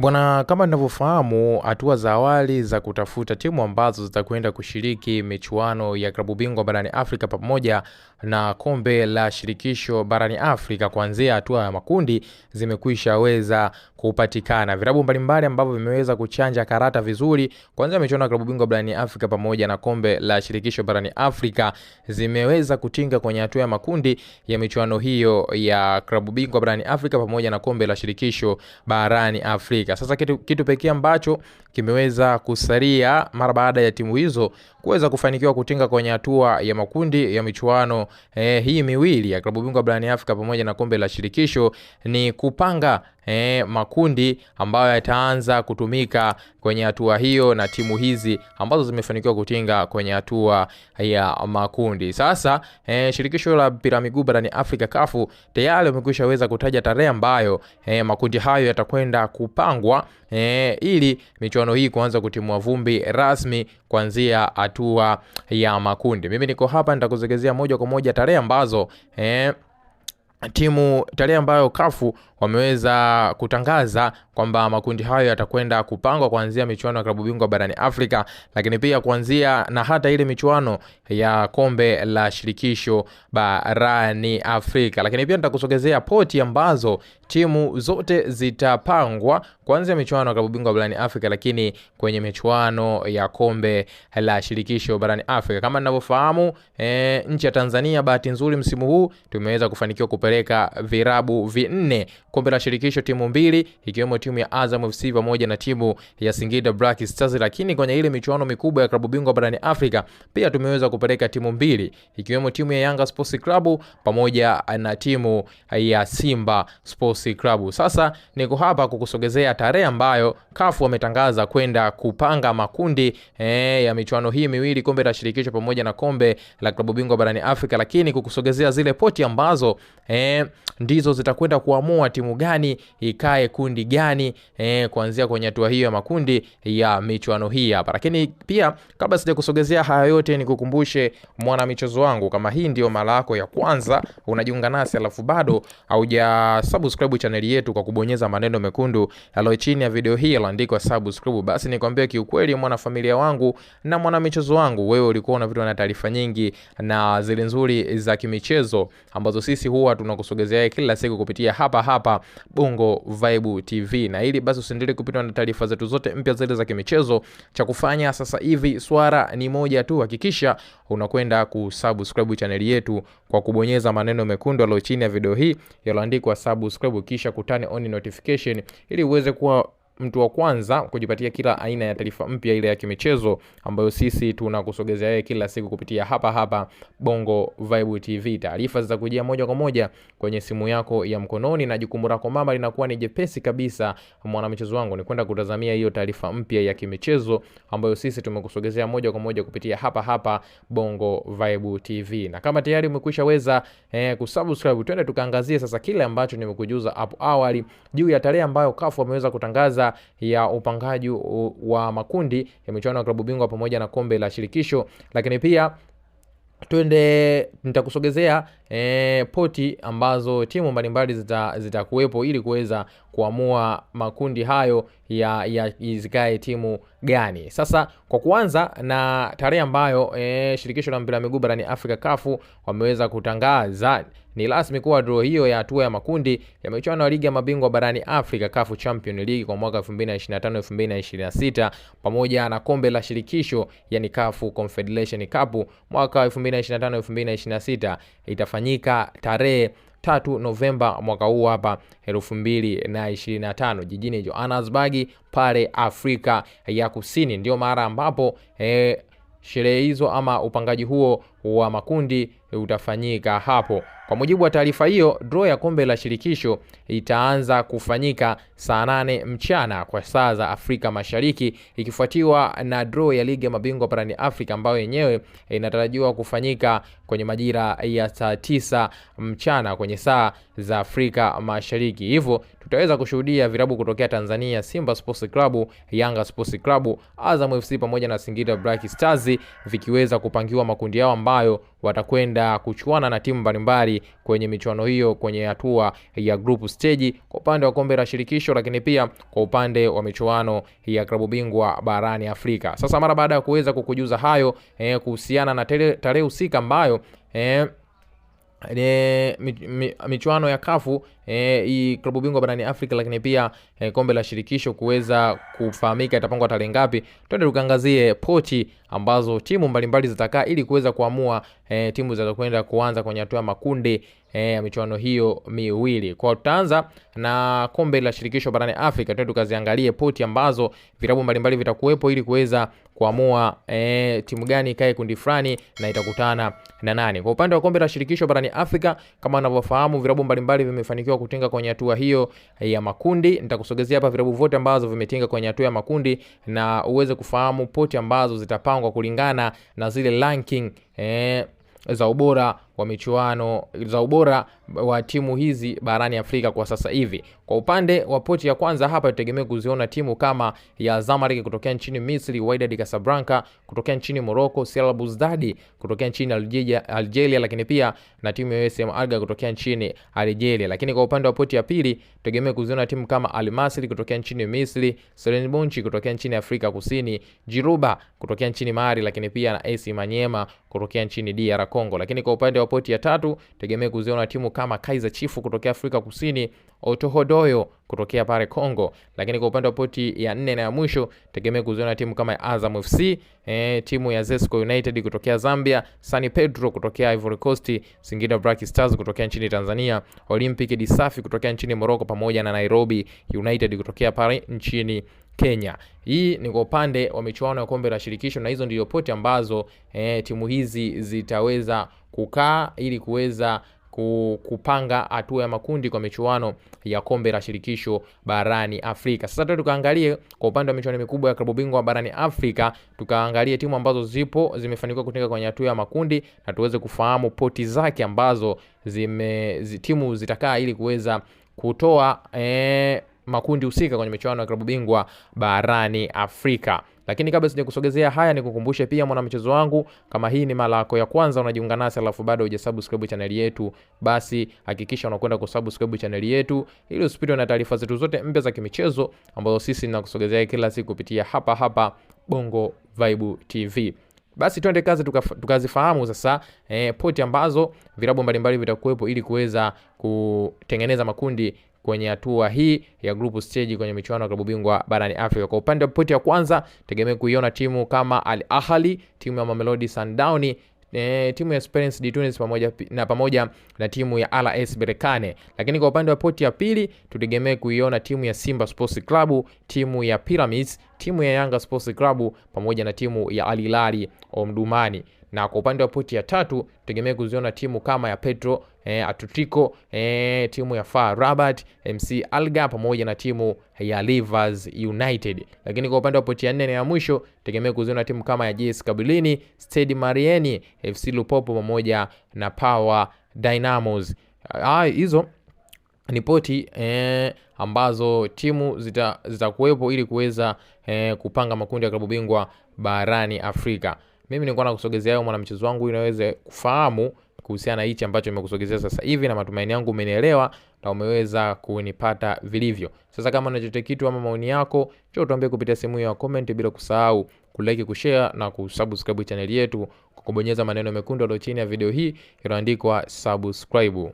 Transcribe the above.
Bwana, kama ninavyofahamu, hatua za awali za kutafuta timu ambazo zitakwenda kushiriki michuano ya klabu bingwa barani Afrika pamoja na kombe la shirikisho barani Afrika kuanzia hatua ya makundi zimekwisha weza kupatikana. Vilabu mbalimbali ambavyo vimeweza kuchanja karata vizuri kuanzia michuano ya klabu bingwa barani Afrika pamoja na kombe la shirikisho barani Afrika zimeweza kutinga kwenye hatua ya makundi ya michuano hiyo ya klabu bingwa barani Afrika pamoja na kombe la shirikisho barani Afrika kadhalika. Sasa kitu, kitu pekee ambacho kimeweza kusalia mara baada ya timu hizo kuweza kufanikiwa kutinga kwenye hatua ya makundi ya michuano eh, hii miwili ya klabu bingwa barani Afrika pamoja na kombe la shirikisho ni kupanga e, makundi ambayo yataanza kutumika kwenye hatua hiyo na timu hizi ambazo zimefanikiwa kutinga kwenye hatua ya makundi. Sasa e, shirikisho la mpira miguu barani Afrika kafu tayari wamekwisha weza kutaja tarehe ambayo e, makundi hayo yatakwenda kupangwa e, ili michuano hii kuanza kutimua vumbi rasmi kuanzia hatua ya makundi. Mimi niko hapa nitakuzegezea moja kwa moja tarehe ambazo e, timu tarehe ambayo kafu wameweza kutangaza kwamba makundi hayo yatakwenda kupangwa kuanzia michuano ya klabu bingwa barani Afrika, lakini pia kuanzia na hata ile michuano ya kombe la shirikisho barani Afrika. Lakini pia nitakusogezea poti ambazo timu zote zitapangwa kwanza michuano ya klabu bingwa barani Afrika, lakini kwenye michuano ya kombe la shirikisho barani Afrika. Kama ninavyofahamu e, nchi ya Tanzania bahati nzuri msimu huu tumeweza kufanikiwa kupeleka virabu vinne kombe la shirikisho, timu mbili ikiwemo timu ya Azam FC pamoja na timu ya Singida Black Stars, lakini kwenye ile michuano mikubwa ya klabu bingwa barani Afrika pia tumeweza kupeleka timu mbili ikiwemo timu ya Yanga Sports Club pamoja na timu ya Simba Sports Club. Sasa niko hapa kukusogezea tarehe ambayo kafu wametangaza kwenda kupanga makundi eh, ya michuano hii miwili kombe la shirikisho pamoja na kombe la klabu bingwa barani Afrika, lakini kukusogezea zile poti ambazo eh, ndizo zitakwenda kuamua timu gani ikae kundi gani eh, kuanzia kwenye hatua hiyo ya makundi ya michuano hii hapa. Lakini pia kabla sijakusogezea haya yote, nikukumbushe michezo wangu, kama hii ndio mara yako ya kwanza unajiunga nasi alafu bado hauja subscribe chaneli yetu kwa kubonyeza maneno mekundu ambalo chini ya video hii laandikwa subscribe, basi nikwambie kiukweli, mwanafamilia wangu na mwanamichezo wangu, wewe ulikuwa unavutiwa na taarifa nyingi na zile nzuri za kimichezo ambazo sisi huwa tunakusogezea kila siku kupitia hapa hapa Bongo Vibe TV, na ili basi usiendelee kupitwa na taarifa zetu zote mpya zile za kimichezo, cha kufanya sasa hivi swara ni moja tu, hakikisha unakwenda kusubscribe chaneli yetu kwa kubonyeza maneno mekundu yaliyo chini ya video hii yaloandikwa subscribe, kisha kutani on notification ili uweze well, mtu wa kwanza kujipatia kila aina ya taarifa mpya ile ya kimichezo ambayo sisi tunakusogezea wewe kila siku kupitia hapa hapa Bongo Vibe TV. Taarifa zitakujia moja kwa moja kwenye simu yako ya mkononi, na jukumu lako mama linakuwa ni jepesi kabisa, mwanamichezo wangu, ni kwenda kutazamia hiyo taarifa mpya ya kimichezo ambayo sisi tumekusogezea moja kwa moja kupitia hapa hapa Bongo Vibe TV. Na kama tayari umekwisha weza eh, kusubscribe, twende tukaangazie sasa kile ambacho nimekujuza hapo awali juu ya tarehe ambayo CAF wameweza kutangaza ya upangaji wa makundi ya michuano ya klabu bingwa pamoja na kombe la shirikisho, lakini pia twende nitakusogezea e, poti ambazo timu mbalimbali zitakuwepo zita ili kuweza kuamua makundi hayo ya, ya timu gani? Sasa kwa kuanza na tarehe ambayo e, shirikisho la mpira wa miguu barani Afrika kafu wameweza kutangaza ni rasmi kuwa draw hiyo ya hatua ya makundi ya michuano ya ligi ya mabingwa barani Afrika CAF Champion League kwa mwaka 2025 2026, pamoja na kombe la shirikisho yani CAF Confederation Cup mwaka 2025 2026 itafanyika tarehe tatu Novemba mwaka huu hapa 2025 jijini Johannesburg pale Afrika ya Kusini. Ndio mara ambapo eh, sherehe hizo ama upangaji huo wa makundi utafanyika hapo. Kwa mujibu wa taarifa hiyo, draw ya kombe la shirikisho itaanza kufanyika saa nane mchana kwa saa za Afrika Mashariki, ikifuatiwa na draw ya ligi ya mabingwa barani Afrika ambayo yenyewe inatarajiwa kufanyika kwenye majira ya saa tisa mchana kwenye saa za Afrika Mashariki. Hivyo tutaweza kushuhudia virabu kutokea Tanzania, Simba Sports Club, Yanga Sports Club, Azam FC pamoja na Singida Black Stars vikiweza kupangiwa makundi yao ambayo watakwenda kuchuana na timu mbalimbali kwenye michuano hiyo kwenye hatua ya group stage kwa upande wa kombe la shirikisho, lakini pia kwa upande wa michuano ya klabu bingwa barani Afrika. Sasa mara baada ya kuweza kukujuza hayo eh, kuhusiana na tarehe husika ambayo eh, E, michuano ya kafu e, klabu bingwa barani Afrika, lakini pia e, kombe la shirikisho kuweza kufahamika itapangwa tarehe ngapi. Twende tukaangazie pochi ambazo timu mbalimbali zitakaa ili kuweza kuamua e, timu zitakwenda kuanza kwenye hatua ya makundi e, ya michuano hiyo miwili. Kwa tutaanza na kombe la shirikisho barani Afrika, tuende tukaziangalie poti ambazo virabu mbalimbali vitakuwepo ili kuweza kuamua e, timu gani ikae kundi fulani na itakutana na nani. Kwa upande wa kombe la shirikisho barani Afrika, kama unavyofahamu, virabu mbalimbali vimefanikiwa kutinga kwenye hatua hiyo ya makundi. Nitakusogezea hapa virabu vyote ambazo vimetinga kwenye hatua ya makundi na uweze kufahamu poti ambazo zitapangwa kulingana na zile ranking e, za ubora wa michuano za ubora wa timu hizi barani Afrika kwa sasa hivi. Kwa upande wa poti ya kwanza hapa tutegemea kuziona timu kama ya Zamalek kutokea nchini Misri, Wydad Casablanca kutokea nchini Morocco, Sella Bouzdadi kutokea nchini Algeria, Algeria lakini pia na timu ya USM Alger kutokea nchini Algeria. Lakini kwa upande wa poti ya pili tutegemea kuziona timu kama Al Masry kutokea nchini Misri, Stellenbosch kutokea nchini Afrika Kusini, Jiruba kutokea nchini Mali, lakini pia na AC Manyema kutokea nchini DR Congo. Lakini kwa upande wa pointi ya tatu. Tegemee kuziona timu kama Kaizer Chiefs kutokea Afrika Kusini, Otohodoyo kutokea pale Kongo. Lakini kwa upande wa pointi ya nne na ya mwisho, tegemee kuziona timu kama Azam FC, eh, timu ya Zesco United kutokea Zambia, San Pedro kutokea Ivory Coast, Singida Black Stars kutokea nchini Tanzania, Olympic di Safi kutokea nchini Morocco pamoja na Nairobi United kutokea pale nchini Kenya. Hii ni kwa upande wa michuano ya kombe la shirikisho na hizo ndio poti ambazo eh, timu hizi zitaweza kukaa ili kuweza kupanga hatua ya makundi kwa michuano ya kombe la shirikisho barani Afrika. Sasa tukaangalie kwa upande wa michuano mikubwa ya klabu bingwa barani Afrika, tukaangalie timu ambazo zipo zimefanikiwa kutinga kwenye hatua ya makundi na tuweze kufahamu poti zake ambazo zime, zi, timu zitakaa ili kuweza kutoa eh, makundi husika kwenye michuano ya klabu bingwa barani Afrika. Lakini kabla sija kusogezea haya, nikukumbushe pia mwanamchezo wangu, kama hii ni mara yako ya kwanza unajiunga nasi alafu bado hujasubscribe channel yetu, basi hakikisha unakwenda kusubscribe channel yetu ili usipitwe na taarifa zetu zote mpya za kimichezo ambazo sisi tunakusogezea kila siku kupitia hapa hapa Bongo Vibe TV. Basi twende kazi tukazifahamu tuka sasa e, poti ambazo vilabu mbalimbali vitakuwepo ili kuweza kutengeneza makundi kwenye hatua hii ya group stage kwenye michuano ya klabu bingwa barani Afrika. Kwa upande wa poti ya kwanza, tegemea kuiona timu kama Al Ahly, timu ya Mamelodi Sundowns E, timu ya Esperance de Tunis pamoja na pamoja na timu ya RS Berkane. Lakini kwa upande wa poti ya pili tutegemee kuiona timu ya Simba Sports Club, timu ya Pyramids timu ya Yanga Sports Club pamoja na timu ya Al Hilal na kwa upande wa poti ya tatu tegemea kuziona timu kama ya Petro eh, Atutiko eh, timu ya FAR Rabat, MC Alga pamoja na timu ya Rivers United. Lakini kwa upande wa poti ya nne na ya mwisho tegemea kuziona timu kama ya JS Kabylie, Stade Marieni, FC Lupopo pamoja na Power Dynamos. Ah, hizo ripoti eh, ambazo timu zitakuwepo zita ili kuweza eh, kupanga makundi ya klabu bingwa barani Afrika. Mimi nilikuwa nakusogezea hayo mwanamchezo wangu inaweze kufahamu kuhusiana na hichi ambacho nimekusogezea sasa hivi, na matumaini yangu umenielewa na umeweza kunipata vilivyo. Sasa kama una chochote kitu ama maoni yako, njoo tuambie kupitia simu ya comment, bila kusahau kulike, kushare na kusubscribe channel yetu kwa kubonyeza maneno mekundu yaliyo chini ya video hii yaliyoandikwa subscribe.